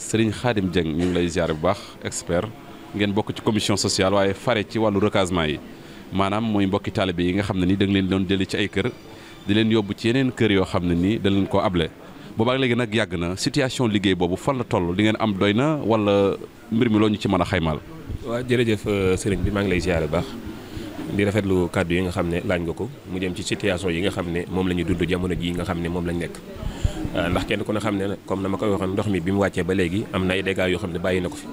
Serigne Khadim Dieng ñu ngi lay ziare bu baax expert ngeen bokk ci commission sociale waaye fare ci wàllu recasement yi maanaam mooy mbokki taalibe yi nga xam ne nii da leen doon jëlee ci ay kër di leen yóbbu ci yeneen kër yoo xam ne nii da leen koo able boobaak léegi nag yàgg na situation liggéey boobu fan la toll li ngeen am doy na wala mbir mi loo ñu ci mën a xaymaal. waaw jërëjëf euh, sëriñ bi maa ngi lay ziare bu baax di rafetlu kàddu yi nga xam ne laaj nga ko mu jëm ci situation yi nga xam ne moom la ñu dund jamono ji nga xam ne moom lañ nekk Euh, ndax kenn ku ne xam ne comme na ma koy waxoon ndox mi bi mu wàccee ba léegi am na ay dégâts yoo xam ne bàyyi na ko fi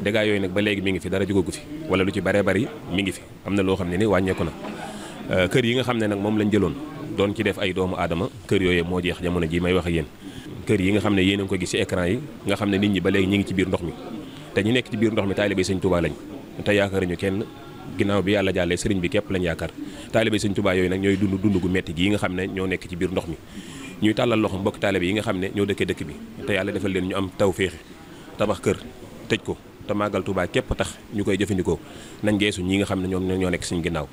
dégâts yooyu nag ba léegi mi ngi fi dara jógagu fi wala lu ci baree bari mi ngi fi am na loo xam ne ni wàññeeku na euh, kër yi nga xam ne nag moom lañ jëloon doon ci def ay doomu aadama kër yooyee moo jeex jamono ji may wax ak yéen yi nga xam ne yéen a ngi ko gis xam ne nit ñi ba léegi ñi ngi ci biir ndox mi te ñu nekk ci biir ndox mi taalibe sëñ Tuubaa lañ te yaakaaruñu kenn ginnaaw bi yàlla jàllee sëriñ bi képp lañ yaakaar taalibe sëñ Tuubaa yooyu nag ñooy dund dund gu metti gii nga xam ne ñoo nekk ci biir ndox mi ñuy tàllal loxo mbokk taalibe yi nga xam ne ñoo dëkkee dëkk bi te yàlla defal leen ñu am taw féexi tabax kër tëj ko te màggal Tuubaa képp tax ñu koy jëfandikoo nañ geesu ñi nga xam ne ñoom ñoo nekk suñu ginnaaw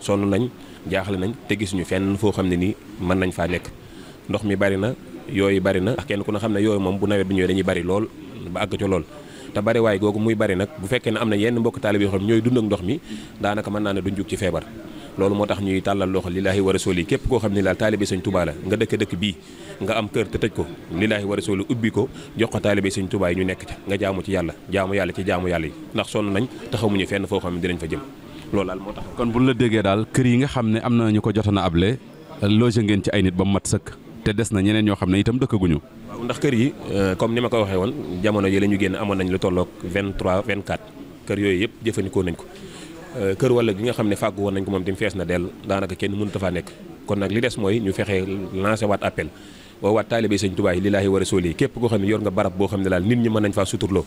sonn nañ jaaxale nañ te gisuñu fenn foo xam ne nii mën nañ faa nekk ndox mi bari na yooyu bari na ndax kenn ku ne xam ne yooyu moom bu nawet bi ñëwee dañuy bari lool ba àgg ca lool te bari waaye googu muy bari nag bu fekkee ne am na yenn mbokk taalib yoo xam ñooy dund ak ndox mi mën naa ne duñ jug ci feebar loolu moo tax ñuy tàllal loxo lillaahi wa rasuli képp koo xam ne laal taalibe sëñ Tuubaa la nga dëkk dëkk bii nga am kër te tëj ko lillaahi wa rasuli ubbi ko jox ko taalibe sëñ Tuubaa yi ñu nekk ca nga jaamu ci yàlla jaamu yàlla ci jaamu yàlla yi ndax sonn nañ taxamuñu fenn foo xam ne dinañ fa jëm loolu daal moo tax kon buñ la déggee daal kër yi nga xam ne am na ñu ko jotoon a able loge ngeen ci ay nit ba mu mat sëkk te des na ñeneen ñoo xam ne itam dëkkaguñu waaw ndax kër yi euh, comme ni ma ko waxee woon jamono yi la ñu génn amoon nañ lu tolloog 23 24 kër yooyu yëpp jëfandikoo nañ ko Euh, kër wala gi nga xam ne fàggu woon nañ ko moom tim fees na dell daanaka kenn mënut a faa nekk kon nag li des mooy ñu fexe lancé waat appel woo waat taalibe sëñ Tuubaa yi lillaahi wa rasuuli képp koo xam ne yor nga barab boo xam ne daal nit ñi mën nañ faa suturloo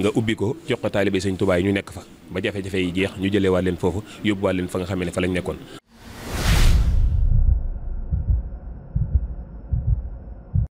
nga ubbi ko jox ko taalibe sëñ Tuubaa ñu nekk fa ba jafe-jafe yi jeex ñu jële waat leen foofu yóbbuwaat leen fa nga xam ne fa lañ nekkoon